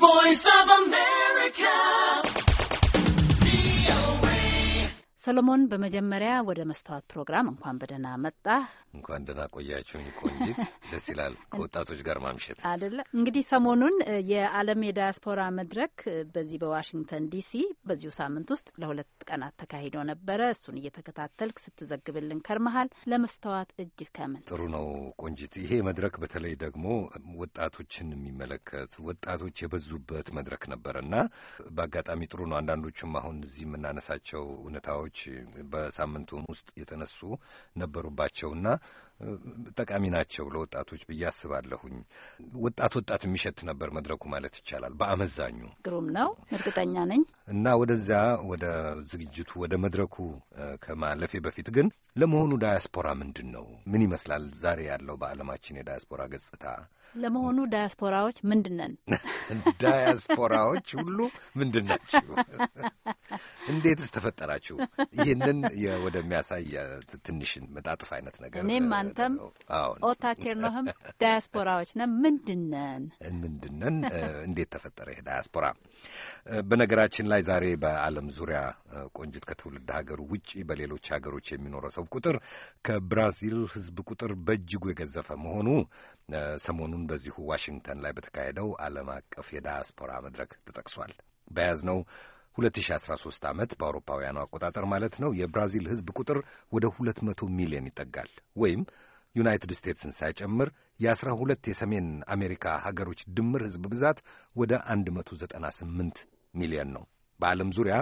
voice of America. ሰሎሞን፣ በመጀመሪያ ወደ መስታወት ፕሮግራም እንኳን በደህና መጣ። እንኳን ደህና ቆያችሁኝ ቆንጂት። ደስ ይላል ከወጣቶች ጋር ማምሸት አደለ። እንግዲህ ሰሞኑን የዓለም የዳያስፖራ መድረክ በዚህ በዋሽንግተን ዲሲ በዚሁ ሳምንት ውስጥ ለሁለት ቀናት ተካሂዶ ነበረ። እሱን እየተከታተልክ ስትዘግብልን ከርመሃል። ለመስተዋት እጅ ከምን ጥሩ ነው ቆንጂት። ይሄ መድረክ በተለይ ደግሞ ወጣቶችን የሚመለከት ወጣቶች የበዙበት መድረክ ነበረ እና በአጋጣሚ ጥሩ ነው። አንዳንዶቹም አሁን እዚህ የምናነሳቸው እውነታዎች በሳምንቱ ውስጥ የተነሱ ነበሩባቸውና ጠቃሚ ናቸው ለወጣቶች ብዬ አስባለሁኝ። ወጣት ወጣት የሚሸት ነበር መድረኩ ማለት ይቻላል በአመዛኙ። ግሩም ነው እርግጠኛ ነኝ። እና ወደዚያ ወደ ዝግጅቱ ወደ መድረኩ ከማለፌ በፊት ግን ለመሆኑ ዳያስፖራ ምንድን ነው? ምን ይመስላል ዛሬ ያለው በዓለማችን የዳያስፖራ ገጽታ? ለመሆኑ ዳያስፖራዎች ምንድን ነን? ዳያስፖራዎች ሁሉ ምንድን ናቸው? እንዴትስ ተፈጠራችሁ? ይህንን ወደሚያሳይ ትንሽ መጣጥፍ አይነት ነገር እኔም አንተም ኦታ ዳያስፖራዎች ነን። ምንድነን ምንድነን? እንዴት ተፈጠረ ይሄ ዳያስፖራ? በነገራችን ላይ ዛሬ በዓለም ዙሪያ ቆንጅት ከትውልድ ሀገሩ ውጭ በሌሎች ሀገሮች የሚኖረው ሰው ቁጥር ከብራዚል ሕዝብ ቁጥር በእጅጉ የገዘፈ መሆኑ ሰሞኑን በዚሁ ዋሽንግተን ላይ በተካሄደው ዓለም አቀፍ የዳያስፖራ መድረክ ተጠቅሷል። በያዝነው 2013 ዓመት በአውሮፓውያኑ አቆጣጠር ማለት ነው የብራዚል ህዝብ ቁጥር ወደ 200 ሚሊዮን ይጠጋል ወይም ዩናይትድ ስቴትስን ሳይጨምር የ12 የሰሜን አሜሪካ ሀገሮች ድምር ህዝብ ብዛት ወደ 198 ሚሊዮን ነው። በዓለም ዙሪያ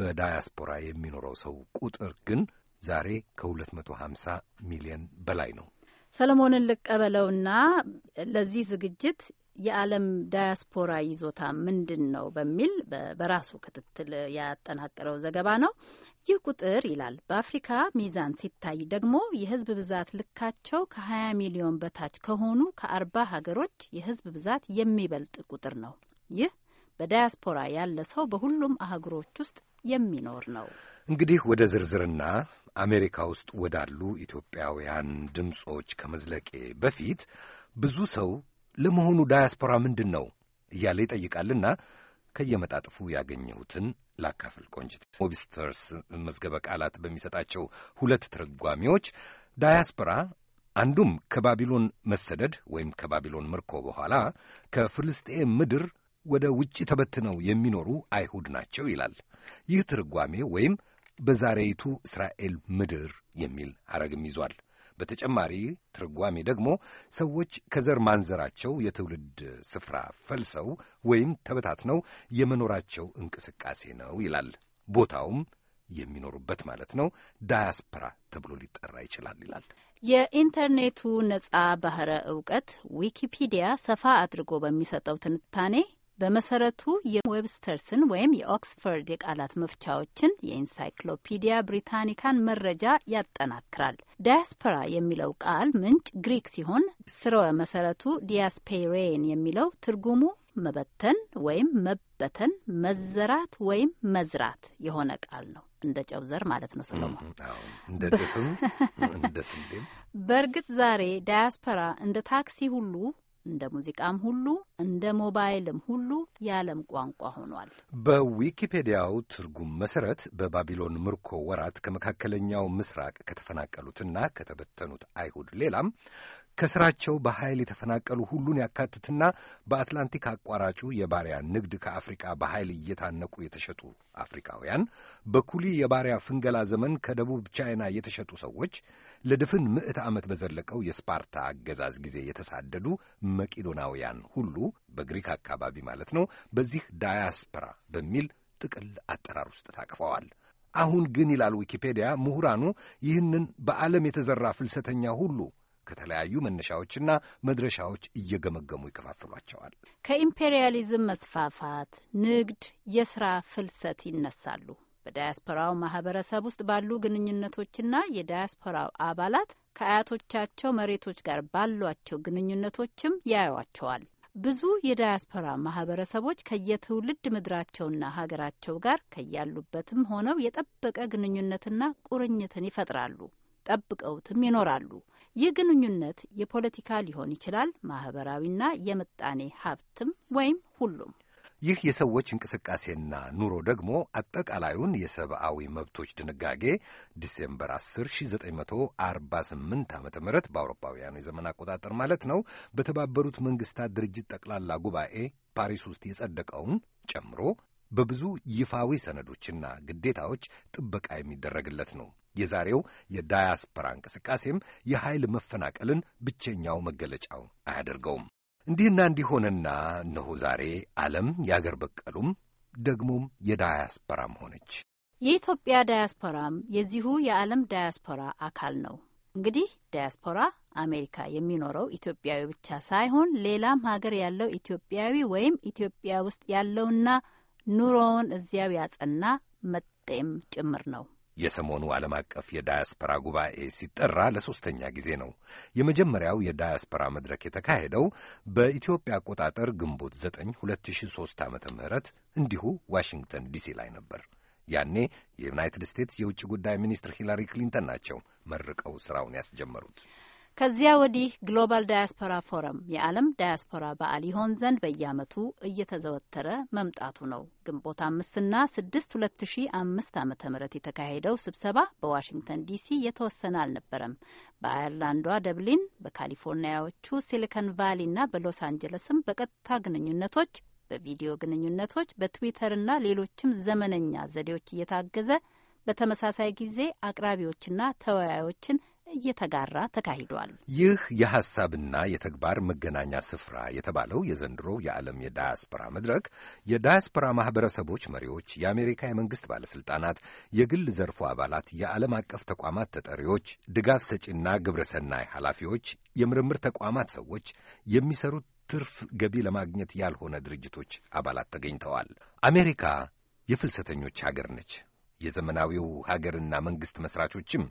በዳያስፖራ የሚኖረው ሰው ቁጥር ግን ዛሬ ከ250 ሚሊዮን በላይ ነው። ሰለሞንን ልቀበለውና ለዚህ ዝግጅት የዓለም ዳያስፖራ ይዞታ ምንድን ነው በሚል በራሱ ክትትል ያጠናቀረው ዘገባ ነው። ይህ ቁጥር ይላል በአፍሪካ ሚዛን ሲታይ ደግሞ የህዝብ ብዛት ልካቸው ከ20 ሚሊዮን በታች ከሆኑ ከአርባ ሀገሮች የህዝብ ብዛት የሚበልጥ ቁጥር ነው። ይህ በዳያስፖራ ያለ ሰው በሁሉም አህጉሮች ውስጥ የሚኖር ነው። እንግዲህ ወደ ዝርዝርና አሜሪካ ውስጥ ወዳሉ ኢትዮጵያውያን ድምፆች ከመዝለቄ በፊት ብዙ ሰው ለመሆኑ ዳያስፖራ ምንድን ነው እያለ ይጠይቃልና ከየመጣጥፉ ያገኘሁትን ላካፍል። ቆንጅት ሞቢስተርስ መዝገበ ቃላት በሚሰጣቸው ሁለት ትርጓሜዎች ዳያስፖራ አንዱም ከባቢሎን መሰደድ ወይም ከባቢሎን ምርኮ በኋላ ከፍልስጤም ምድር ወደ ውጭ ተበትነው የሚኖሩ አይሁድ ናቸው ይላል። ይህ ትርጓሜ ወይም በዛሬይቱ እስራኤል ምድር የሚል ሐረግም ይዟል። በተጨማሪ ትርጓሜ ደግሞ ሰዎች ከዘር ማንዘራቸው የትውልድ ስፍራ ፈልሰው ወይም ተበታትነው የመኖራቸው እንቅስቃሴ ነው ይላል። ቦታውም የሚኖሩበት ማለት ነው። ዳያስፖራ ተብሎ ሊጠራ ይችላል ይላል። የኢንተርኔቱ ነጻ ባህረ እውቀት ዊኪፒዲያ ሰፋ አድርጎ በሚሰጠው ትንታኔ በመሰረቱ የዌብስተርስን ወይም የኦክስፈርድ የቃላት መፍቻዎችን የኢንሳይክሎፒዲያ ብሪታኒካን መረጃ ያጠናክራል። ዳያስፖራ የሚለው ቃል ምንጭ ግሪክ ሲሆን ስርወ መሰረቱ ዲያስፔሬን የሚለው ትርጉሙ መበተን ወይም መበተን፣ መዘራት ወይም መዝራት የሆነ ቃል ነው። እንደ ጨው ዘር ማለት ነው። ሰሎሞን እንደ ጤፍም እንደ ስንዴም። በእርግጥ ዛሬ ዳያስፖራ እንደ ታክሲ ሁሉ እንደ ሙዚቃም ሁሉ እንደ ሞባይልም ሁሉ የዓለም ቋንቋ ሆኗል። በዊኪፔዲያው ትርጉም መሰረት በባቢሎን ምርኮ ወራት ከመካከለኛው ምስራቅ ከተፈናቀሉትና ከተበተኑት አይሁድ ሌላም ከስራቸው በኃይል የተፈናቀሉ ሁሉን ያካትትና በአትላንቲክ አቋራጩ የባሪያ ንግድ ከአፍሪቃ በኃይል እየታነቁ የተሸጡ አፍሪካውያን፣ በኩሊ የባሪያ ፍንገላ ዘመን ከደቡብ ቻይና የተሸጡ ሰዎች፣ ለድፍን ምዕት ዓመት በዘለቀው የስፓርታ አገዛዝ ጊዜ የተሳደዱ መቄዶናውያን ሁሉ በግሪክ አካባቢ ማለት ነው በዚህ ዳያስፖራ በሚል ጥቅል አጠራር ውስጥ ታቅፈዋል። አሁን ግን ይላል ዊኪፔዲያ፣ ምሁራኑ ይህንን በዓለም የተዘራ ፍልሰተኛ ሁሉ ከተለያዩ መነሻዎችና መድረሻዎች እየገመገሙ ይከፋፍሏቸዋል። ከኢምፔሪያሊዝም መስፋፋት፣ ንግድ፣ የስራ ፍልሰት ይነሳሉ። በዳያስፖራው ማህበረሰብ ውስጥ ባሉ ግንኙነቶችና የዳያስፖራው አባላት ከአያቶቻቸው መሬቶች ጋር ባሏቸው ግንኙነቶችም ያዩዋቸዋል። ብዙ የዳያስፖራ ማህበረሰቦች ከየትውልድ ምድራቸውና ሀገራቸው ጋር ከያሉበትም ሆነው የጠበቀ ግንኙነትና ቁርኝትን ይፈጥራሉ፣ ጠብቀውትም ይኖራሉ። ይህ ግንኙነት የፖለቲካ ሊሆን ይችላል፣ ማህበራዊና የምጣኔ ሀብትም ወይም ሁሉም። ይህ የሰዎች እንቅስቃሴና ኑሮ ደግሞ አጠቃላዩን የሰብአዊ መብቶች ድንጋጌ ዲሴምበር 10 1948 ዓ ም በአውሮፓውያኑ የዘመን አቆጣጠር ማለት ነው በተባበሩት መንግስታት ድርጅት ጠቅላላ ጉባኤ ፓሪስ ውስጥ የጸደቀውን ጨምሮ በብዙ ይፋዊ ሰነዶችና ግዴታዎች ጥበቃ የሚደረግለት ነው። የዛሬው የዳያስፖራ እንቅስቃሴም የኃይል መፈናቀልን ብቸኛው መገለጫው አያደርገውም። እንዲህና እንዲሆነና እነሆ ዛሬ ዓለም ያገር በቀሉም ደግሞም የዳያስፖራም ሆነች። የኢትዮጵያ ዳያስፖራም የዚሁ የዓለም ዳያስፖራ አካል ነው። እንግዲህ ዳያስፖራ አሜሪካ የሚኖረው ኢትዮጵያዊ ብቻ ሳይሆን ሌላም ሀገር ያለው ኢትዮጵያዊ ወይም ኢትዮጵያ ውስጥ ያለውና ኑሮውን እዚያው ያጸና መጤም ጭምር ነው። የሰሞኑ ዓለም አቀፍ የዳያስፖራ ጉባኤ ሲጠራ ለሦስተኛ ጊዜ ነው። የመጀመሪያው የዳያስፖራ መድረክ የተካሄደው በኢትዮጵያ አቆጣጠር ግንቦት 9 2003 ዓ ም እንዲሁ ዋሽንግተን ዲሲ ላይ ነበር። ያኔ የዩናይትድ ስቴትስ የውጭ ጉዳይ ሚኒስትር ሂላሪ ክሊንተን ናቸው መርቀው ስራውን ያስጀመሩት። ከዚያ ወዲህ ግሎባል ዳያስፖራ ፎረም የዓለም ዳያስፖራ በዓል ይሆን ዘንድ በየዓመቱ እየተዘወተረ መምጣቱ ነው። ግንቦት አምስትና ስድስት ሁለት ሺ አምስት ዓመተ ምህረት የተካሄደው ስብሰባ በዋሽንግተን ዲሲ የተወሰነ አልነበረም። በአየርላንዷ ደብሊን፣ በካሊፎርኒያዎቹ ሲሊከን ቫሊና በሎስ አንጀለስም በቀጥታ ግንኙነቶች በቪዲዮ ግንኙነቶች በትዊተርና ሌሎችም ዘመነኛ ዘዴዎች እየታገዘ በተመሳሳይ ጊዜ አቅራቢዎችና ተወያዮችን እየተጋራ ተካሂዷል። ይህ የሐሳብና የተግባር መገናኛ ስፍራ የተባለው የዘንድሮ የዓለም የዳያስፖራ መድረክ የዳያስፖራ ማኅበረሰቦች መሪዎች፣ የአሜሪካ የመንግሥት ባለሥልጣናት፣ የግል ዘርፉ አባላት፣ የዓለም አቀፍ ተቋማት ተጠሪዎች፣ ድጋፍ ሰጪና ግብረሰናይ ኃላፊዎች፣ የምርምር ተቋማት ሰዎች የሚሰሩት ትርፍ ገቢ ለማግኘት ያልሆነ ድርጅቶች አባላት ተገኝተዋል። አሜሪካ የፍልሰተኞች ሀገር ነች። የዘመናዊው ሀገርና መንግሥት መሥራቾችም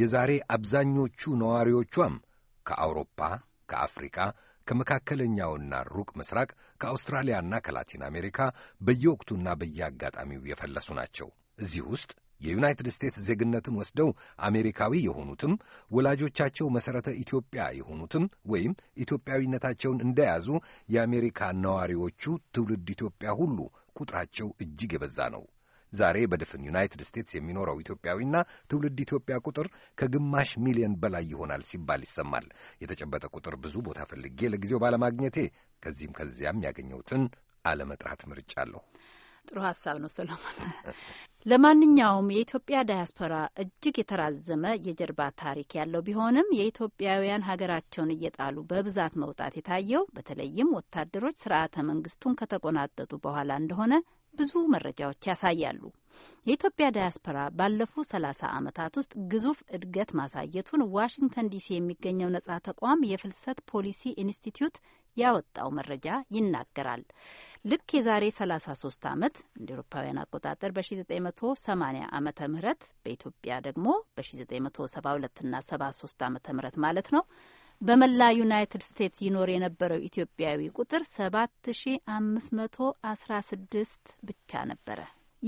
የዛሬ አብዛኞቹ ነዋሪዎቿም ከአውሮፓ፣ ከአፍሪካ፣ ከመካከለኛውና ሩቅ ምስራቅ፣ ከአውስትራሊያና ከላቲን አሜሪካ በየወቅቱና በየአጋጣሚው የፈለሱ ናቸው። እዚህ ውስጥ የዩናይትድ ስቴትስ ዜግነትን ወስደው አሜሪካዊ የሆኑትም ወላጆቻቸው መሠረተ ኢትዮጵያ የሆኑትም ወይም ኢትዮጵያዊነታቸውን እንደያዙ የአሜሪካ ነዋሪዎቹ ትውልድ ኢትዮጵያ ሁሉ ቁጥራቸው እጅግ የበዛ ነው። ዛሬ በድፍን ዩናይትድ ስቴትስ የሚኖረው ኢትዮጵያዊና ትውልድ ኢትዮጵያ ቁጥር ከግማሽ ሚሊዮን በላይ ይሆናል ሲባል ይሰማል። የተጨበጠ ቁጥር ብዙ ቦታ ፈልጌ ለጊዜው ባለማግኘቴ ከዚህም ከዚያም ያገኘሁትን አለመጥራት መርጫለሁ። ጥሩ ሀሳብ ነው ሰለሞን። ለማንኛውም የኢትዮጵያ ዳያስፖራ እጅግ የተራዘመ የጀርባ ታሪክ ያለው ቢሆንም የኢትዮጵያውያን ሀገራቸውን እየጣሉ በብዛት መውጣት የታየው በተለይም ወታደሮች ስርዓተ መንግስቱን ከተቆናጠጡ በኋላ እንደሆነ ብዙ መረጃዎች ያሳያሉ። የኢትዮጵያ ዳያስፖራ ባለፉ ሰላሳ ዓመታት ውስጥ ግዙፍ እድገት ማሳየቱን ዋሽንግተን ዲሲ የሚገኘው ነጻ ተቋም የፍልሰት ፖሊሲ ኢንስቲትዩት ያወጣው መረጃ ይናገራል። ልክ የዛሬ 33 ዓመት እንደ ኤሮፓውያን አቆጣጠር በ1980 ዓመተ ምህረት በኢትዮጵያ ደግሞ በ1972ና 73 ዓመተ ምህረት ማለት ነው በመላ ዩናይትድ ስቴትስ ይኖር የነበረው ኢትዮጵያዊ ቁጥር 7516 ብቻ ነበረ።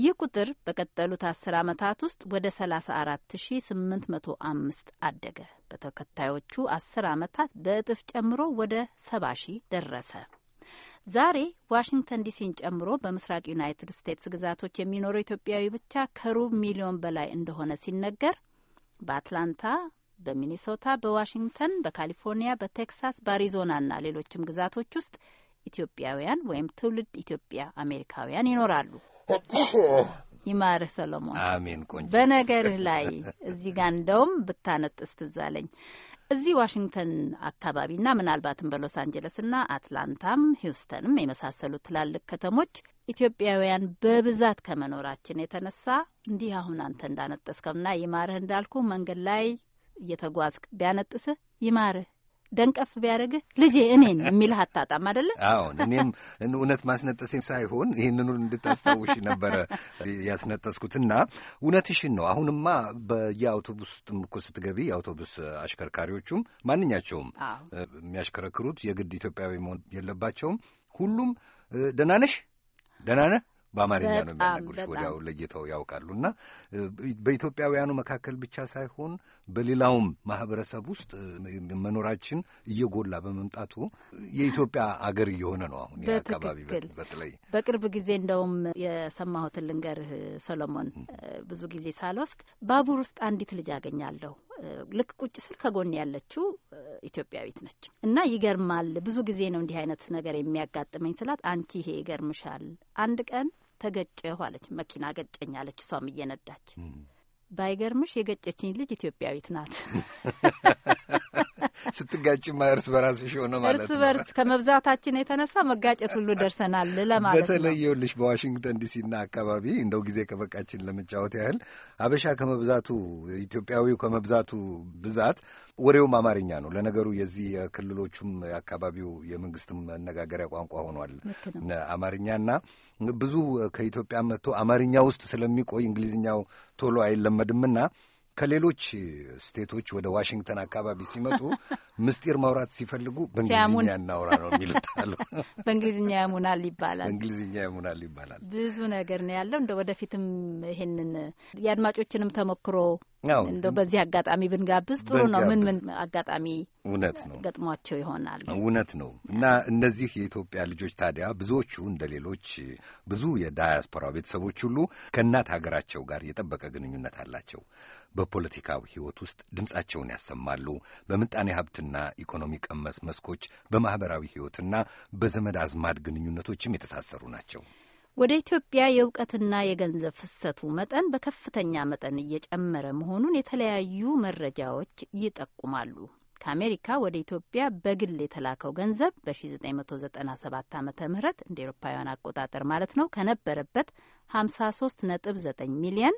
ይህ ቁጥር በቀጠሉት አስር ዓመታት ውስጥ ወደ 34805 አደገ። በተከታዮቹ አስር ዓመታት በእጥፍ ጨምሮ ወደ 70 ሺህ ደረሰ። ዛሬ ዋሽንግተን ዲሲን ጨምሮ በምስራቅ ዩናይትድ ስቴትስ ግዛቶች የሚኖረው ኢትዮጵያዊ ብቻ ከሩብ ሚሊዮን በላይ እንደሆነ ሲነገር በአትላንታ በሚኒሶታ፣ በዋሽንግተን፣ በካሊፎርኒያ፣ በቴክሳስ፣ በአሪዞናና ሌሎችም ግዛቶች ውስጥ ኢትዮጵያውያን ወይም ትውልድ ኢትዮጵያ አሜሪካውያን ይኖራሉ። ይማርህ ሰሎሞን። አሜን። ቆንጆ በነገርህ ላይ እዚህ ጋር እንደውም ብታነጥስ ትዝ አለኝ። እዚህ ዋሽንግተን አካባቢና ምናልባትም በሎስ አንጀለስና አትላንታም ሂውስተንም የመሳሰሉ ትላልቅ ከተሞች ኢትዮጵያውያን በብዛት ከመኖራችን የተነሳ እንዲህ አሁን አንተ እንዳነጠስከውና ይማርህ እንዳልኩ መንገድ ላይ እየተጓዝ ቢያነጥስህ ይማርህ ደንቀፍ ቢያደርግህ ልጄ እኔን የሚልህ አታጣም አደለ? አሁን እኔም እውነት ማስነጠሴም ሳይሆን ይህንኑ እንድታስታውሽ ነበረ ያስነጠስኩትና እውነትሽን ነው። አሁንማ በየአውቶቡስ ጥም እኮ ስትገቢ የአውቶቡስ አሽከርካሪዎቹም ማንኛቸውም የሚያሽከረክሩት የግድ ኢትዮጵያዊ መሆን የለባቸውም። ሁሉም ደህና ነሽ፣ ደህና ነህ በአማርኛ ነው የሚያናግሩሽ፣ ወዲያው ለይተው ያውቃሉና በኢትዮጵያውያኑ መካከል ብቻ ሳይሆን በሌላውም ማህበረሰብ ውስጥ መኖራችን እየጎላ በመምጣቱ የኢትዮጵያ አገር እየሆነ ነው። አሁን አካባቢ በተለይ በቅርብ ጊዜ እንደውም የሰማሁትን ልንገርህ ሰሎሞን፣ ብዙ ጊዜ ሳልወስድ ባቡር ውስጥ አንዲት ልጅ አገኛለሁ ልክ ቁጭ ስል ከጎን ያለችው ኢትዮጵያዊት ነች እና ይገርማል። ብዙ ጊዜ ነው እንዲህ አይነት ነገር የሚያጋጥመኝ ስላት አንቺ ይሄ ይገርምሻል፣ አንድ ቀን ተገጨሁ አለች። መኪና ገጨኝ አለች፣ እሷም እየነዳች ባይገርምሽ የገጨችኝ ልጅ ኢትዮጵያዊት ናት። ስትጋጭማ እርስ በራስሽ ሆነ ማለት እርስ በርስ ከመብዛታችን የተነሳ መጋጨት ሁሉ ደርሰናል ለማለት ነው። በተለየውልሽ በዋሽንግተን ዲሲና አካባቢ እንደው ጊዜ ከበቃችን ለመጫወት ያህል አበሻ ከመብዛቱ ኢትዮጵያዊው ከመብዛቱ ብዛት ወሬውም አማርኛ ነው። ለነገሩ የዚህ የክልሎቹም የአካባቢው የመንግስትም መነጋገሪያ ቋንቋ ሆኗል አማርኛና ብዙ ከኢትዮጵያ መጥቶ አማርኛ ውስጥ ስለሚቆይ እንግሊዝኛው ቶሎ አይለመድምና ከሌሎች ስቴቶች ወደ ዋሽንግተን አካባቢ ሲመጡ ምስጢር ማውራት ሲፈልጉ በእንግሊዝኛ እናውራ ነው የሚሉት አሉ። በእንግሊዝኛ ያሙናል ይባላል። በእንግሊዝኛ ያሙናል ይባላል። ብዙ ነገር ነው ያለው። እንደ ወደፊትም ይሄንን የአድማጮችንም ተሞክሮ እንደ በዚህ አጋጣሚ ብንጋብዝ ጥሩ ነው። ምን ምን አጋጣሚ እውነት ነው ገጥሟቸው ይሆናል። እውነት ነው። እና እነዚህ የኢትዮጵያ ልጆች ታዲያ ብዙዎቹ እንደ ሌሎች ብዙ የዳያስፖራ ቤተሰቦች ሁሉ ከእናት ሀገራቸው ጋር የጠበቀ ግንኙነት አላቸው። በፖለቲካው ሕይወት ውስጥ ድምፃቸውን ያሰማሉ። በምጣኔ ሀብትና ኢኮኖሚ ቀመስ መስኮች፣ በማኅበራዊ ሕይወትና በዘመድ አዝማድ ግንኙነቶችም የተሳሰሩ ናቸው። ወደ ኢትዮጵያ የእውቀትና የገንዘብ ፍሰቱ መጠን በከፍተኛ መጠን እየጨመረ መሆኑን የተለያዩ መረጃዎች ይጠቁማሉ። ከአሜሪካ ወደ ኢትዮጵያ በግል የተላከው ገንዘብ በ1997 ዓ ም እንደ ኤሮፓውያን አቆጣጠር ማለት ነው ከነበረበት 53.9 ሚሊየን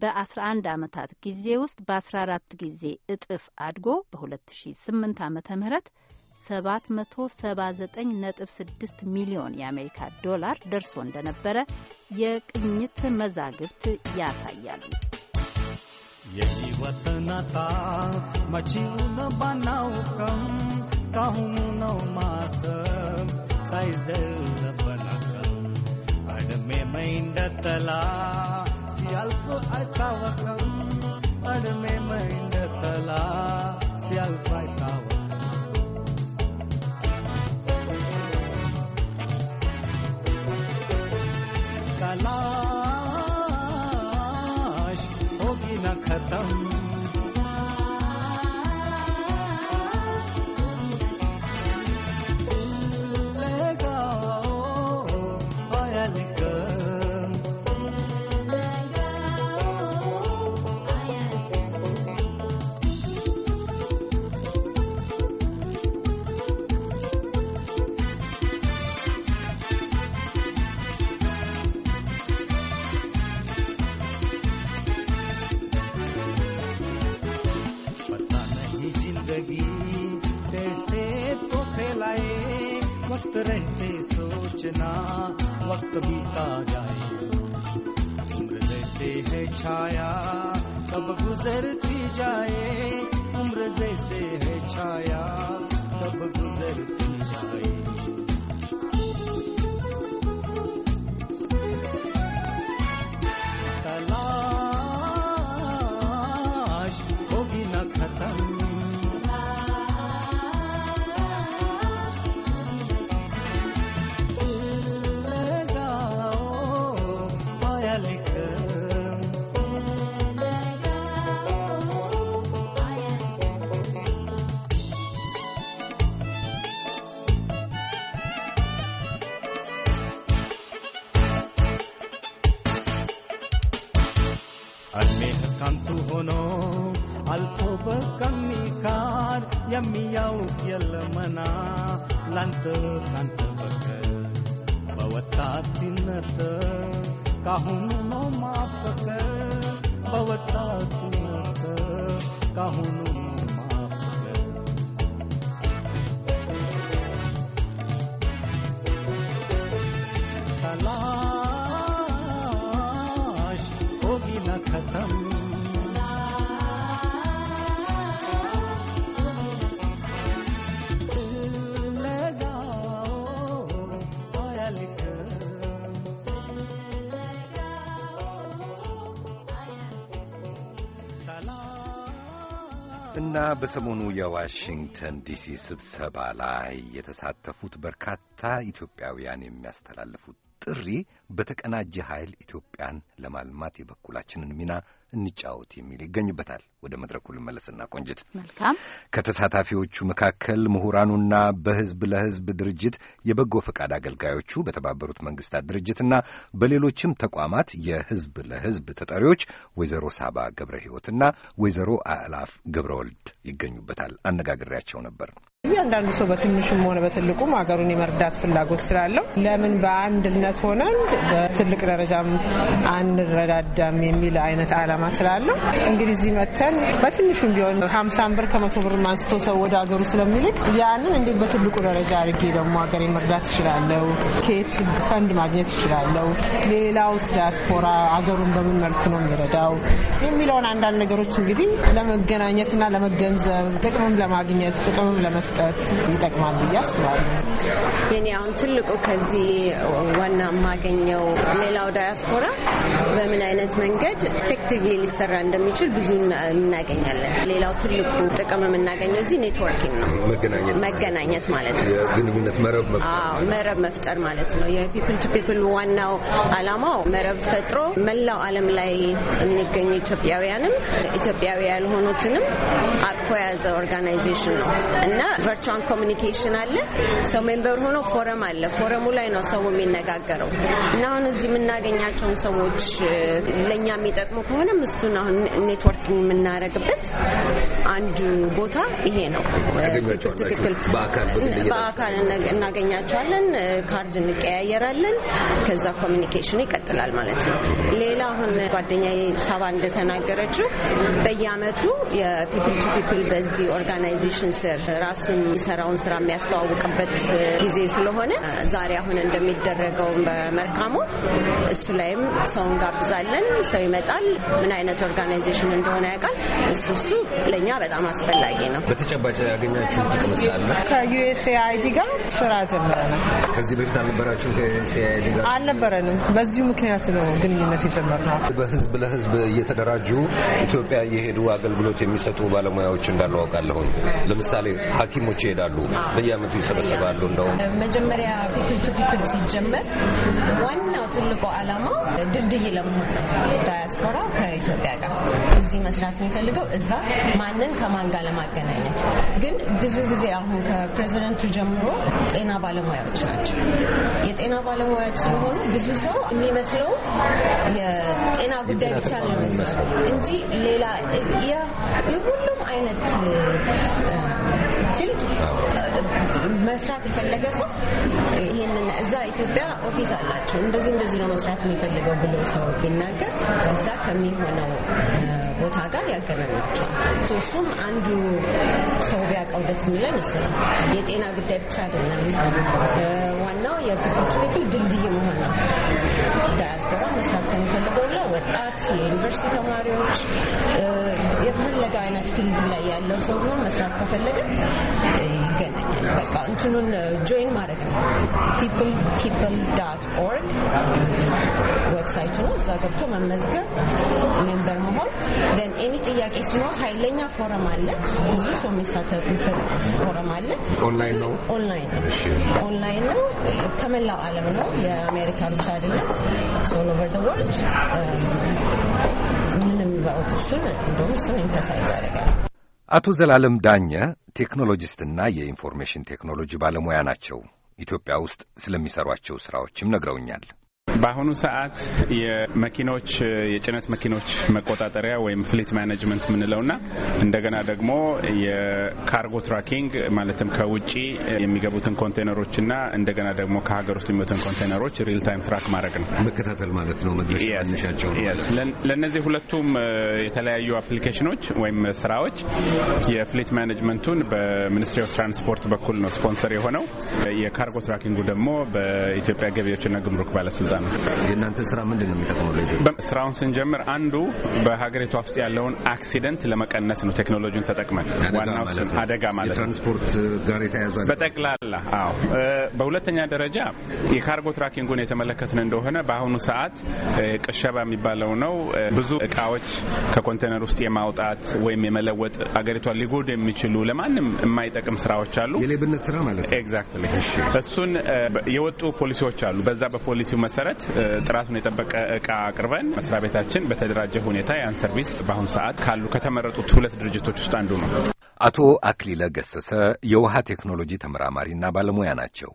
በ11 ዓመታት ጊዜ ውስጥ በ14 ጊዜ እጥፍ አድጎ በ2008 ዓ ም 779.6 ሚሊዮን የአሜሪካ ዶላር ደርሶ እንደነበረ የቅኝት መዛግብት ያሳያሉ። የህይወትን ጣት መቼውን ባናውቅም ካሁኑ ነው ማሰብ ሳይዘል በላቀም ቀድሜ መይ እንደጠላ si alfa aitawakam adume tala. si alfa aitawakam तलाश होगी na khatam. न खतम እና በሰሞኑ የዋሽንግተን ዲሲ ስብሰባ ላይ የተሳተፉት በርካታ ኢትዮጵያውያን የሚያስተላልፉት ጥሪ በተቀናጀ ኃይል ኢትዮጵያን ለማልማት የበኩላችንን ሚና እንጫወት የሚል ይገኝበታል። ወደ መድረኩ ልመለስና ቆንጅት፣ መልካም ከተሳታፊዎቹ መካከል ምሁራኑና በህዝብ ለህዝብ ድርጅት የበጎ ፈቃድ አገልጋዮቹ በተባበሩት መንግስታት ድርጅትና በሌሎችም ተቋማት የህዝብ ለህዝብ ተጠሪዎች ወይዘሮ ሳባ ገብረ ህይወትና ወይዘሮ አእላፍ ገብረ ወልድ ይገኙበታል። አነጋግሬያቸው ነበር። እያንዳንዱ ሰው በትንሹም ሆነ በትልቁም ሀገሩን የመርዳት ፍላጎት ስላለው ለምን በአንድነት ሆነን በትልቅ ደረጃም አንረዳዳም የሚል አይነት አላማ ስላለው እንግዲህ እዚህ መተን በትንሹም ቢሆን ሀምሳን ብር ከመቶ ብር አንስቶ ሰው ወደ ሀገሩ ስለሚልክ ያንን እንዴት በትልቁ ደረጃ አድርጌ ደግሞ ሀገር መርዳት ይችላለው፣ ከየት ፈንድ ማግኘት ይችላለው፣ ሌላውስ ዲያስፖራ ሀገሩን በምን መልኩ ነው የሚረዳው የሚለውን አንዳንድ ነገሮች እንግዲህ ለመገናኘትና ለመገንዘብ ጥቅምም ለማግኘት ጥቅምም ለመስ መስጠት ይጠቅማል ብዬ አስባለሁ። የኔ አሁን ትልቁ ከዚህ ዋና የማገኘው ሌላው ዳያስፖራ በምን አይነት መንገድ ኢፌክቲቭሊ ሊሰራ እንደሚችል ብዙ እናገኛለን። ሌላው ትልቁ ጥቅም የምናገኘው እዚህ ኔትወርኪንግ ነው፣ መገናኘት ማለት ነው፣ የግንኙነት መረብ መፍጠር ማለት ነው። የፒፕል ቱ ፒፕል ዋናው አላማው መረብ ፈጥሮ መላው ዓለም ላይ የሚገኙ ኢትዮጵያውያንም ኢትዮጵያዊ ያልሆኑትንም አቅፎ የያዘ ኦርጋናይዜሽን ነው እና ቨርቹዋል ኮሚኒኬሽን አለ። ሰው ሜምበር ሆኖ ፎረም አለ። ፎረሙ ላይ ነው ሰው የሚነጋገረው እና አሁን እዚህ የምናገኛቸውን ሰዎች ለእኛ የሚጠቅሙ ከሆነም እሱን አሁን ኔትወርኪንግ የምናደርግበት አንዱ ቦታ ይሄ ነው። ትክክል። በአካል እናገኛቸዋለን፣ ካርድ እንቀያየራለን። ከዛ ኮሚኒኬሽኑ ይቀጥላል ማለት ነው። ሌላ አሁን ጓደኛ ሳባ እንደተናገረችው በየአመቱ የፒፕል ቱ ፒፕል በዚህ ኦርጋናይዜሽን ስር ራሱ ድርጅታችን የሚሰራውን ስራ የሚያስተዋውቅበት ጊዜ ስለሆነ ዛሬ አሁን እንደሚደረገው በመርካሞ እሱ ላይም ሰው እንጋብዛለን። ሰው ይመጣል። ምን አይነት ኦርጋናይዜሽን እንደሆነ ያውቃል። እሱ እሱ ለእኛ በጣም አስፈላጊ ነው። በተጨባጭ ያገኛችሁ ጥቅም ሳለ ከዩኤስኤአይዲ ጋር ስራ ጀምረናል። ከዚህ በፊት አልነበራችሁም? ከዩኤስኤአይዲ ጋር አልነበረንም። በዚሁ ምክንያት ነው ግንኙነት የጀመርነው። በህዝብ ለህዝብ እየተደራጁ ኢትዮጵያ እየሄዱ አገልግሎት የሚሰጡ ባለሙያዎች እንዳሉ ለምሳሌ ሐኪም ቲሞች ይሄዳሉ፣ በየአመቱ ይሰበሰባሉ። እንደውም መጀመሪያ ፒፕል ቱ ፒፕል ሲጀመር ዋናው ትልቁ አላማ ድልድይ ለመሆን ነው። ዳያስፖራ ከኢትዮጵያ ጋር እዚህ መስራት የሚፈልገው እዛ ማንን ከማን ጋር ለማገናኘት ግን ብዙ ጊዜ አሁን ከፕሬዚደንቱ ጀምሮ ጤና ባለሙያዎች ናቸው። የጤና ባለሙያዎች ስለሆኑ ብዙ ሰው የሚመስለው የጤና ጉዳይ ብቻ ነው እንጂ ሌላ የሁሉም አይነት ፊልድ መስራት የፈለገ ሰው ይህንን እዛ ኢትዮጵያ ኦፊስ አላቸው እንደዚህ እንደዚህ ነው መስራት የሚፈልገው ብሎ ሰው ቢናገር እዛ ከሚሆነው ቦታ ጋር ያገናኛቸዋል። እሱም አንዱ ሰው ቢያውቀው ደስ የሚለን እሱ ነው። የጤና ጉዳይ ብቻ አይደለም። ዋናው የክፍል ክፍል ድልድይ መሆን ነው። ዳያስፖራ መስራት ከሚፈልገው ወጣት፣ የዩኒቨርሲቲ ተማሪዎች፣ የፈለገ አይነት ፊልድ ላይ ያለው ሰው ሆኖ መስራት ከፈለገ ይገናኛል። በቃ እንትኑን ጆይን ማድረግ ነው። ፒፕል ፒፕል ዳት ኦርግ ዌብሳይቱ ነው። እዛ ገብቶ መመዝገብ፣ ሜምበር መሆን ደን ኤኒ ጥያቄ ሲኖር ኃይለኛ ፎረም አለ። ብዙ ሰው የሚሳተፍበት ፎረም አለ። ኦንላይን ነው ኦንላይን ኦንላይን ነው። ከመላው ዓለም ነው የአሜሪካ ብቻ አይደለም። ኦል ኦቨር ዘ ወርልድ ምንም እሱን እንደውም እሱን ኢምፐሳይዝ ያደርጋል። አቶ ዘላለም ዳኘ ቴክኖሎጂስትና የኢንፎርሜሽን ቴክኖሎጂ ባለሙያ ናቸው። ኢትዮጵያ ውስጥ ስለሚሰሯቸው ስራዎችም ነግረውኛል። በአሁኑ ሰዓት የመኪኖች የጭነት መኪኖች መቆጣጠሪያ ወይም ፍሊት ማኔጅመንት የምንለውና እንደገና ደግሞ የካርጎ ትራኪንግ ማለትም ከውጭ የሚገቡትን ኮንቴነሮችና እንደገና ደግሞ ከሀገር ውስጥ የሚወጡትን ኮንቴነሮች ሪል ታይም ትራክ ማድረግ ነው፣ መከታተል ማለት ነው። መድረሻቸው ለእነዚህ ሁለቱም የተለያዩ አፕሊኬሽኖች ወይም ስራዎች የፍሊት ማኔጅመንቱን በሚኒስትሪ ኦፍ ትራንስፖርት በኩል ነው ስፖንሰር የሆነው። የካርጎ ትራኪንጉ ደግሞ በኢትዮጵያ ገቢዎችና ግምሩክ ባለስልጣን ነው። የእናንተ ስራ ምንድን ነው የሚጠቅመው? ስራውን ስንጀምር አንዱ በሀገሪቷ ውስጥ ያለውን አክሲደንት ለመቀነስ ነው። ቴክኖሎጂን ተጠቅመን ዋናው አደጋ ማለት ጋር የተያዘ በጠቅላላ አዎ። በሁለተኛ ደረጃ የካርጎ ትራኪንጉን የተመለከትን እንደሆነ በአሁኑ ሰዓት ቅሸባ የሚባለው ነው። ብዙ እቃዎች ከኮንቴነር ውስጥ የማውጣት ወይም የመለወጥ አገሪቷ ሊጎዱ የሚችሉ ለማንም የማይጠቅም ስራዎች አሉ። የሌብነት ስራ ማለት ነው። ኤግዛክትሊ እሱን የወጡ ፖሊሲዎች አሉ። በዛ በፖሊሲው መሰረት በማምረት ጥራቱን የጠበቀ እቃ አቅርበን መስሪያ ቤታችን በተደራጀ ሁኔታ ያን ሰርቪስ በአሁኑ ሰዓት ካሉ ከተመረጡት ሁለት ድርጅቶች ውስጥ አንዱ ነው። አቶ አክሊለ ገሰሰ የውሃ ቴክኖሎጂ ተመራማሪና ባለሙያ ናቸው።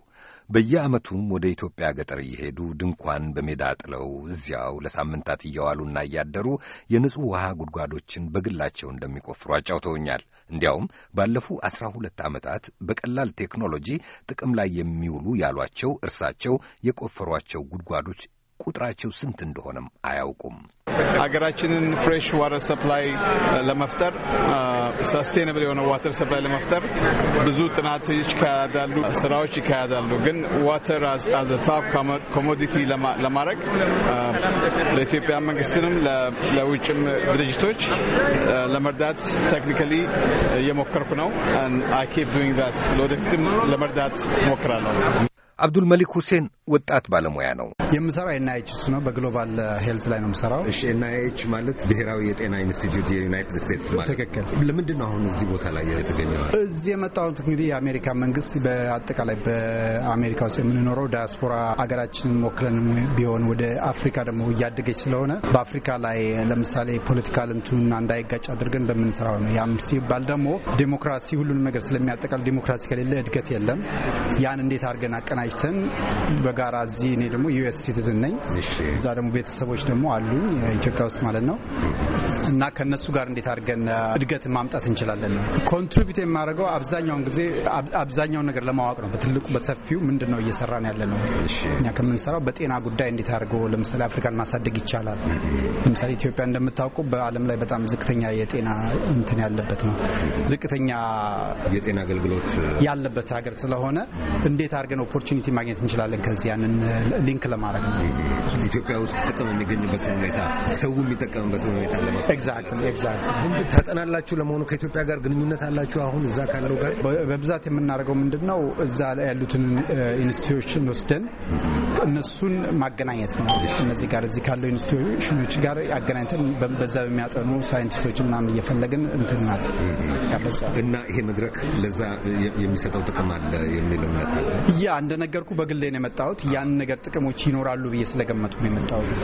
በየዓመቱም ወደ ኢትዮጵያ ገጠር እየሄዱ ድንኳን በሜዳ ጥለው እዚያው ለሳምንታት እየዋሉና እያደሩ የንጹሕ ውሃ ጉድጓዶችን በግላቸው እንደሚቆፍሩ አጫውተውኛል። እንዲያውም ባለፉ አስራ ሁለት ዓመታት በቀላል ቴክኖሎጂ ጥቅም ላይ የሚውሉ ያሏቸው እርሳቸው የቆፈሯቸው ጉድጓዶች ቁጥራቸው ስንት እንደሆነም አያውቁም። ሀገራችንን ፍሬሽ ዋተር ሰፕላይ ለመፍጠር ሰስቴናብል የሆነ ዋተር ሰፕላይ ለመፍጠር ብዙ ጥናቶች ይካሄዳሉ፣ ስራዎች ይካሄዳሉ። ግን ዋተር አዘ ኮሞዲቲ ለማድረግ ለኢትዮጵያ መንግስትንም ለውጭም ድርጅቶች ለመርዳት ቴክኒካሊ እየሞከርኩ ነው። አይ ኬፕ ዱዊንግ ለወደፊትም ለመርዳት ሞክራለሁ። አብዱል መሊክ ሁሴን ወጣት ባለሙያ ነው። የምሰራው ኤንአይች እሱ ነው። በግሎባል ሄልስ ላይ ነው የምሰራው። እሺ፣ ኤንአይች ማለት ብሔራዊ የጤና ኢንስቲትዩት የዩናይትድ ስቴትስ ማለት ትክክል። ለምንድን ነው አሁን እዚህ ቦታ ላይ የተገኘው? እዚህ የመጣሁት እንግዲህ የአሜሪካ መንግስት በአጠቃላይ በአሜሪካ ውስጥ የምንኖረው ዳያስፖራ ሀገራችንን ወክለን ቢሆን ወደ አፍሪካ ደግሞ እያደገች ስለሆነ በአፍሪካ ላይ ለምሳሌ ፖለቲካ ልንቱን እንዳይጋጭ አድርገን በምንሰራው ነው። ያም ሲባል ደግሞ ዴሞክራሲ ሁሉንም ነገር ስለሚያጠቃል ዴሞክራሲ ከሌለ እድገት የለም። ያን እንዴት አድርገን አቀናጅተን ጋር እዚህ እኔ ደግሞ ዩኤስ ሲቲዝን ነኝ፣ እዛ ደግሞ ቤተሰቦች ደግሞ አሉኝ ኢትዮጵያ ውስጥ ማለት ነው እና ከነሱ ጋር እንዴት አድርገን እድገት ማምጣት እንችላለን። ኮንትሪቢዩት የማደርገው አብዛኛውን ጊዜ አብዛኛውን ነገር ለማወቅ ነው። በትልቁ በሰፊው ምንድን ነው እየሰራን ያለ ነው። እኛ ከምንሰራው በጤና ጉዳይ እንዴት አድርገው ለምሳሌ አፍሪካን ማሳደግ ይቻላል። ለምሳሌ ኢትዮጵያ እንደምታውቁ በዓለም ላይ በጣም ዝቅተኛ የጤና እንትን ያለበት ነው፣ ዝቅተኛ የጤና አገልግሎት ያለበት ሀገር ስለሆነ እንዴት አድርገን ኦፖርቹኒቲ ማግኘት እንችላለን ከዚህ ያንን ሊንክ ለማድረግ ነው። ኢትዮጵያ ውስጥ ጥቅም የሚገኝበት ሁኔታ ሰው የሚጠቀምበት ሁኔታ ተጠናላችሁ። ለመሆኑ ከኢትዮጵያ ጋር ግንኙነት አላችሁ? አሁን እዛ ካለው ጋር በብዛት የምናደርገው ምንድን ነው? እዛ ያሉትን ኢንስቲትዩሽን ወስደን እነሱን ማገናኘት ነው። እነዚህ ጋር እዚህ ካለው ኢንስቲትዩሽኖች ጋር አገናኝተን በዛ በሚያጠኑ ሳይንቲስቶች ምናምን እየፈለግን እንትናል እና ይሄ መድረክ ለዛ የሚሰጠው ጥቅም አለ የሚል እምነት አለ። ያ እንደነገርኩ በግሌን የመጣሁት ስላየሁት ያን ነገር ጥቅሞች ይኖራሉ ብዬ ስለገመትኩ ነው የመጣሁት።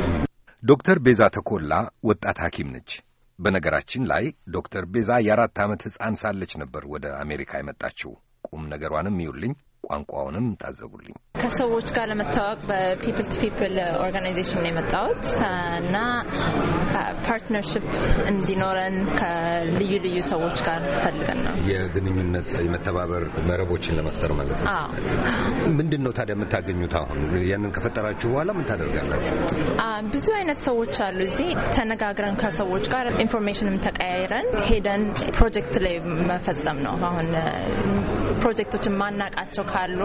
ዶክተር ቤዛ ተኮላ ወጣት ሐኪም ነች። በነገራችን ላይ ዶክተር ቤዛ የአራት ዓመት ሕፃን ሳለች ነበር ወደ አሜሪካ የመጣችው። ቁም ነገሯንም ይውልኝ ቋንቋውንም ታዘቡልኝ። ከሰዎች ጋር ለመታወቅ በፒፕል ቱ ፒፕል ኦርጋናይዜሽን ነው የመጣሁት እና ፓርትነርሽፕ እንዲኖረን ከልዩ ልዩ ሰዎች ጋር ፈልገን ነው የግንኙነት የመተባበር መረቦችን ለመፍጠር ማለት ነው። ምንድን ነው ታዲያ የምታገኙት? አሁን ያንን ከፈጠራችሁ በኋላ ምን ታደርጋላችሁ? ብዙ አይነት ሰዎች አሉ እዚህ። ተነጋግረን ከሰዎች ጋር ኢንፎርሜሽንም ተቀያይረን ሄደን ፕሮጀክት ላይ መፈጸም ነው። አሁን ፕሮጀክቶችን ማናቃቸው ካሉ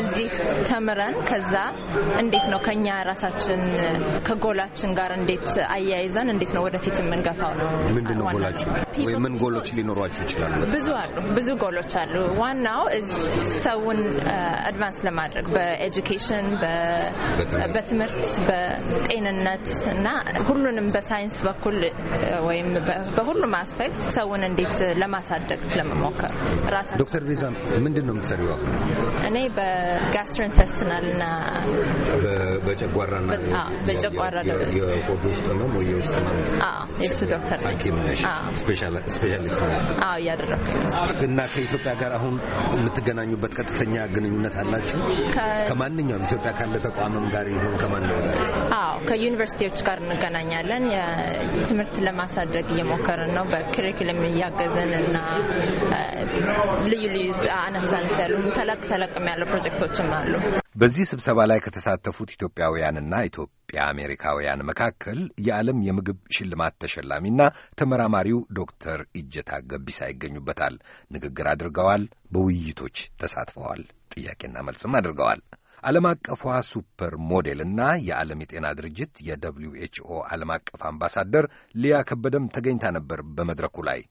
እዚህ ተምረን ከዛ እንዴት ነው ከኛ ራሳችን ከጎላችን ጋር እንዴት አያይዘን እንዴት ነው ወደፊት የምንገፋው ነው። ምንድን ነው ጎላችሁ ምን ጎሎች ሊኖሯችሁ ይችላሉ? ብዙ አሉ፣ ብዙ ጎሎች አሉ። ዋናው ሰውን አድቫንስ ለማድረግ በኤጁኬሽን፣ በትምህርት፣ በጤንነት እና ሁሉንም በሳይንስ በኩል ወይም በሁሉም አስፔክት ሰውን እንዴት ለማሳደግ ለመሞከር ዶክተር ቤዛ ምንድን ነው የምትሰሪው? እኔ በጋስትሮኢንተስትናል እና በጨጓራና በጨጓራ የሆድ ውስጥ ህመም ወይ የውስጥ ህመም የሱ ዶክተር ሐኪም ነሽ ስፔሻሊስት ነው አዎ እያደረኩ እና ከኢትዮጵያ ጋር አሁን የምትገናኙበት ቀጥተኛ ግንኙነት አላችሁ? ከማንኛውም ኢትዮጵያ ካለ ተቋምም ጋር ይሁን ከማንኛው ጋር? አዎ ከዩኒቨርሲቲዎች ጋር እንገናኛለን። ትምህርት ለማሳደግ እየሞከርን ነው። በክሪክልም እያገዘን እና ልዩ ልዩ አነሳነስ ያሉ ተለቅተ ተለቅም ያለ ፕሮጀክቶችም አሉ። በዚህ ስብሰባ ላይ ከተሳተፉት ኢትዮጵያውያንና ኢትዮጵያ አሜሪካውያን መካከል የዓለም የምግብ ሽልማት ተሸላሚና ተመራማሪው ዶክተር ኢጀታ ገቢሳ ይገኙበታል። ንግግር አድርገዋል። በውይይቶች ተሳትፈዋል። ጥያቄና መልስም አድርገዋል። ዓለም አቀፏ ሱፐር ሞዴልና የዓለም የጤና ድርጅት የደብሊው ኤችኦ ዓለም አቀፍ አምባሳደር ሊያ ከበደም ተገኝታ ነበር በመድረኩ ላይ።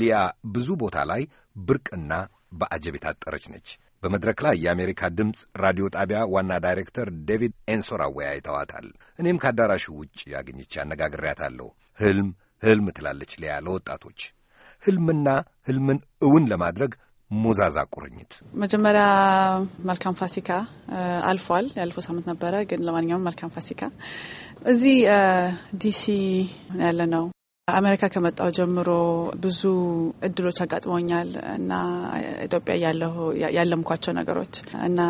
ሊያ ብዙ ቦታ ላይ ብርቅና በአጀብ የታጠረች ነች። በመድረክ ላይ የአሜሪካ ድምፅ ራዲዮ ጣቢያ ዋና ዳይሬክተር ዴቪድ ኤንሶር አወያይተዋታል። እኔም ከአዳራሹ ውጭ አግኝቼ አነጋግሬያታለሁ። ህልም ህልም ትላለች ሊያ ለወጣቶች ህልምና ህልምን እውን ለማድረግ ሞዛዛ ቁርኝት። መጀመሪያ መልካም ፋሲካ። አልፏል፣ ያለፈው ሳምንት ነበረ። ግን ለማንኛውም መልካም ፋሲካ። እዚህ ዲሲ ያለ ነው አሜሪካ ከመጣው ጀምሮ ብዙ እድሎች አጋጥሞኛል እና ኢትዮጵያ ያለምኳቸው ነገሮች እና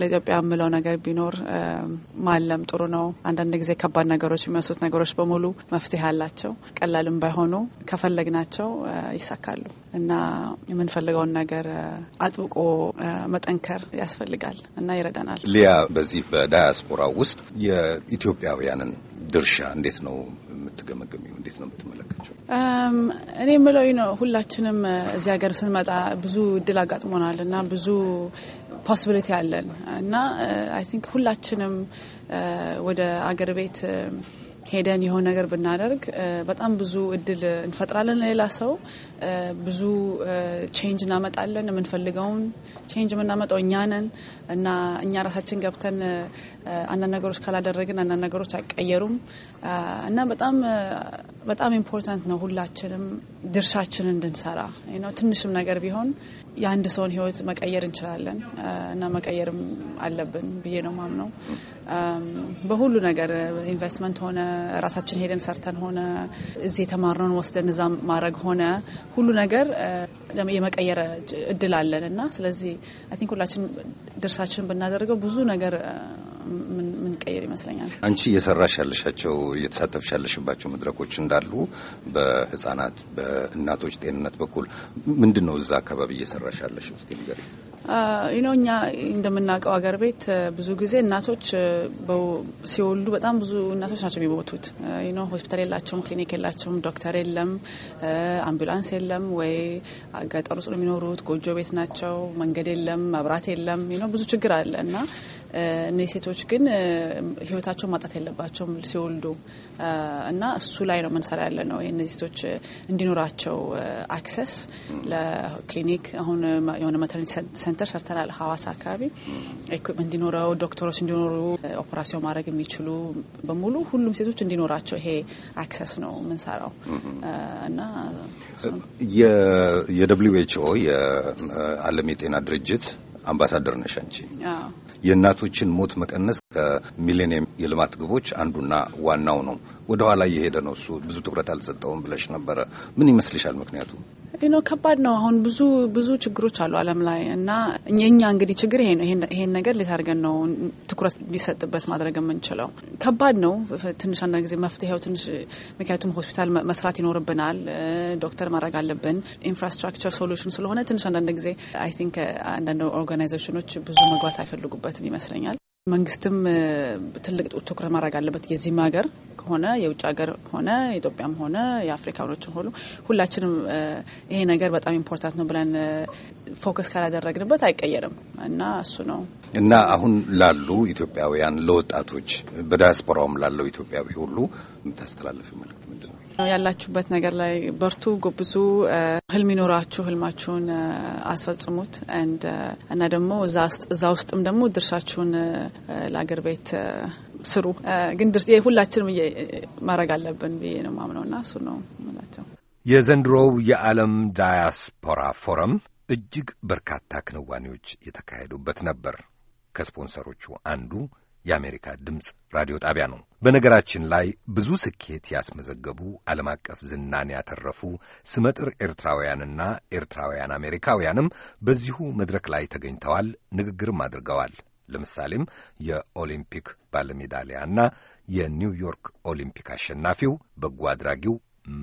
ለኢትዮጵያ የምለው ነገር ቢኖር ማለም ጥሩ ነው። አንዳንድ ጊዜ ከባድ ነገሮች የሚመስሉት ነገሮች በሙሉ መፍትሄ አላቸው። ቀላልም ባይሆኑ ከፈለግናቸው ይሳካሉ እና የምንፈልገውን ነገር አጥብቆ መጠንከር ያስፈልጋል እና ይረዳናል። ሊያ፣ በዚህ በዳያስፖራ ውስጥ የኢትዮጵያውያንን ድርሻ እንዴት ነው የምትገመገሚው? እንዴት ነው የምትመ Um, እኔ የምለው ነው ሁላችንም uh, እዚህ ሀገር ስንመጣ ብዙ እድል አጋጥሞናል እና ብዙ ፖስብሊቲ አለን እና አይ uh, ቲንክ ሁላችንም uh, ወደ አገር ቤት ሄደን የሆነ ነገር ብናደርግ በጣም ብዙ እድል እንፈጥራለን ለሌላ ሰው። ብዙ ቼንጅ እናመጣለን። የምንፈልገውን ቼንጅ የምናመጣው እኛ ነን እና እኛ ራሳችን ገብተን አንዳንድ ነገሮች ካላደረግን አንዳንድ ነገሮች አይቀየሩም እና በጣም በጣም ኢምፖርታንት ነው ሁላችንም ድርሻችንን እንድንሰራ ነው። ትንሽም ነገር ቢሆን የአንድ ሰውን ህይወት መቀየር እንችላለን እና መቀየርም አለብን ብዬ ነው ማምነው። በሁሉ ነገር ኢንቨስትመንት ሆነ ራሳችን ሄደን ሰርተን ሆነ እዚህ የተማርነውን ወስደን እዛ ማድረግ ሆነ ሁሉ ነገር የመቀየር እድል አለን እና ስለዚህ አይ ቲንክ ሁላችን ድርሻችንን ብናደርገው ብዙ ነገር ምንቀይር ይመስለኛል። አንቺ እየሰራሽ ያለሻቸው እየተሳተፍሽ ያለሽባቸው መድረኮች እንዳሉ በህጻናት በእናቶች ጤንነት በኩል ምንድን ነው እዛ አካባቢ እየሰራሽ ያለሽ ውስጥ ንገሪ። ይነው እኛ እንደምናውቀው ሀገር ቤት ብዙ ጊዜ እናቶች ሲወልዱ በጣም ብዙ እናቶች ናቸው የሚሞቱት። ይነው ሆስፒታል የላቸውም፣ ክሊኒክ የላቸውም፣ ዶክተር የለም፣ አምቡላንስ የለም። ወይ ገጠር ውስጥ ነው የሚኖሩት፣ ጎጆ ቤት ናቸው፣ መንገድ የለም፣ መብራት የለም። ይነው ብዙ ችግር አለ እና እነዚህ ሴቶች ግን ህይወታቸውን ማጣት የለባቸውም ሲወልዱ እና እሱ ላይ ነው ምንሰራ ያለ ነው። እነዚህ ሴቶች እንዲኖራቸው አክሰስ ለክሊኒክ አሁን የሆነ መተርኒቲ ሴንተር ሰርተናል ሀዋሳ አካባቢ ኢኩፕመንት እንዲኖረው ዶክተሮች እንዲኖሩ ኦፕራሲዮን ማድረግ የሚችሉ በሙሉ ሁሉም ሴቶች እንዲኖራቸው ይሄ አክሰስ ነው ምንሰራው እና የደብሊው ኤች ኦ የዓለም የጤና ድርጅት አምባሳደር ነሽ አንቺ የእናቶችን ሞት መቀነስ ከሚሌኒየም የልማት ግቦች አንዱና ዋናው ነው። ወደኋላ እየሄደ ነው እሱ ብዙ ትኩረት አልሰጠውም ብለሽ ነበረ። ምን ይመስልሻል ምክንያቱ? ነው ከባድ ነው። አሁን ብዙ ብዙ ችግሮች አሉ ዓለም ላይ እና የእኛ እንግዲህ ችግር ይሄ ነው። ይሄን ነገር ሊታርገን ነው ትኩረት ሊሰጥበት ማድረግ የምንችለው? ከባድ ነው ትንሽ አንዳንድ ጊዜ መፍትሄው ትንሽ ምክንያቱም ሆስፒታል መስራት ይኖርብናል፣ ዶክተር ማድረግ አለብን። ኢንፍራስትራክቸር ሶሉሽን ስለሆነ ትንሽ አንዳንድ ጊዜ አይ ቲንክ አንዳንድ ኦርጋናይዜሽኖች ብዙ መግባት አይፈልጉበትም ይመስለኛል። መንግስትም ትልቅ ትኩረት ማድረግ አለበት። የዚህም ሀገር ሆነ የውጭ ሀገር ሆነ ኢትዮጵያም ሆነ የአፍሪካኖችም ሆኑ ሁላችንም ይሄ ነገር በጣም ኢምፖርታንት ነው ብለን ፎከስ ካላደረግንበት አይቀየርም እና እሱ ነው እና አሁን ላሉ ኢትዮጵያውያን ለወጣቶች በዳያስፖራውም ላለው ኢትዮጵያዊ ሁሉ የምታስተላልፍ መልእክት ምንድን ነው? ያላችሁበት ነገር ላይ በርቱ፣ ጎብዙ፣ ህልም ይኖራችሁ ህልማችሁን አስፈጽሙት እና ደግሞ እዛ ውስጥም ደግሞ ድርሻችሁን ለአገር ቤት ስሩ። ግን ሁላችንም ማድረግ አለብን ብዬ ነው ማምነውና እሱ ነው ምላቸው። የዘንድሮው የዓለም ዳያስፖራ ፎረም እጅግ በርካታ ክንዋኔዎች የተካሄዱበት ነበር። ከስፖንሰሮቹ አንዱ የአሜሪካ ድምፅ ራዲዮ ጣቢያ ነው። በነገራችን ላይ ብዙ ስኬት ያስመዘገቡ ዓለም አቀፍ ዝናን ያተረፉ ስመጥር ኤርትራውያንና ኤርትራውያን አሜሪካውያንም በዚሁ መድረክ ላይ ተገኝተዋል፣ ንግግርም አድርገዋል። ለምሳሌም የኦሊምፒክ ባለሜዳሊያና የኒውዮርክ ኦሊምፒክ አሸናፊው በጎ አድራጊው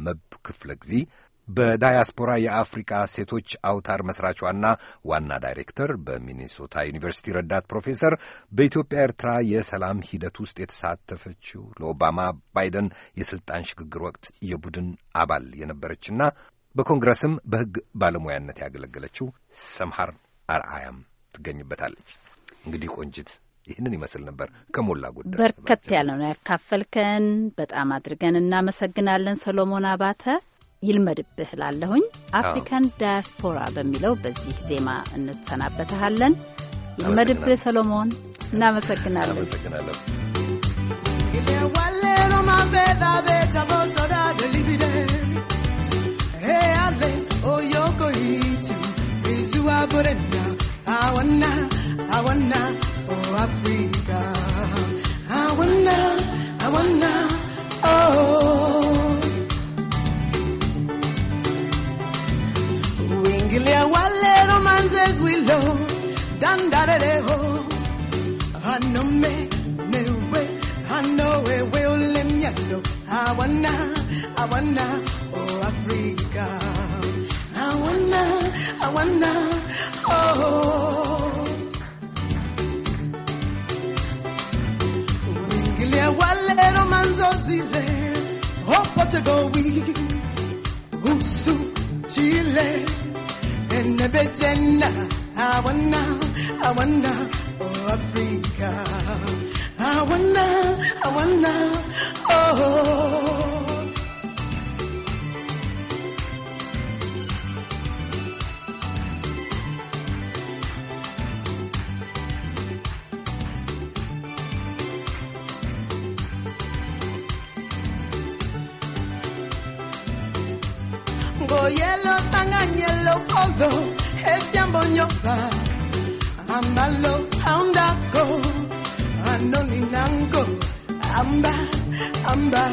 መብ ክፍለ ጊዜ በዳያስፖራ የአፍሪቃ ሴቶች አውታር መስራቿና ዋና ዳይሬክተር፣ በሚኒሶታ ዩኒቨርሲቲ ረዳት ፕሮፌሰር፣ በኢትዮጵያ ኤርትራ የሰላም ሂደት ውስጥ የተሳተፈችው ለኦባማ ባይደን የስልጣን ሽግግር ወቅት የቡድን አባል የነበረችና በኮንግረስም በሕግ ባለሙያነት ያገለገለችው ሰምሃር አርአያም ትገኝበታለች። እንግዲህ ቆንጅት ይህንን ይመስል ነበር። ከሞላ ጎደል በርከት ያለ ነው ያካፈልከን። በጣም አድርገን እናመሰግናለን ሰሎሞን አባተ። ይልመድብህ ላለሁኝ አፍሪካን ዳያስፖራ በሚለው በዚህ ዜማ እንሰናበትሃለን። ይልመድብህ ሰሎሞን፣ እናመሰግናለን። oh, I wanna, I wanna, oh Familiar wale romances we love Dandareho Anome ah, mewe ah, Hanoe weole mialo Awana Awana Oh Africa Awana Awana Oh Wingilia wale romances zile oh te we Usu Chile Jenna, be Jenna, I wanna, I wanna, oh Africa, I wanna, I wanna, oh. Go yellow, tanganyel polo polo hebyambo nyoka ambalo anoni nango, amba amba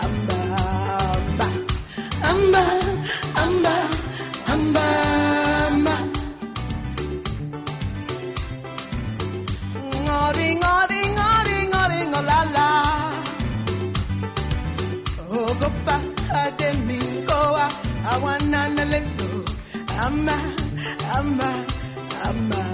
amba amba amba amba amba amba ngori ngori ngori ngori ngolala ogopa ademingoa awananale I'm I'm I'm Amma.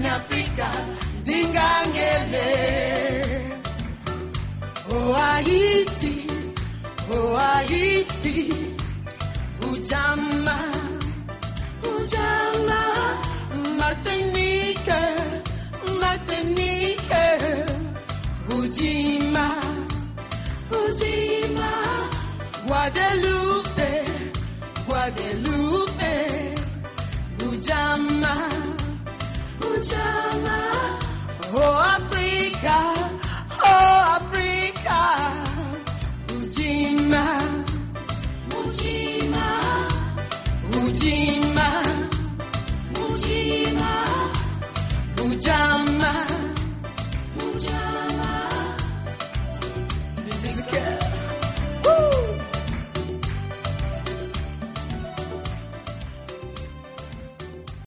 nyafika dingangele oh Haiti oh Haiti ujama ujama Martinique Martinique ujima ujima Guadeloupe Guadeloupe chama, oh África.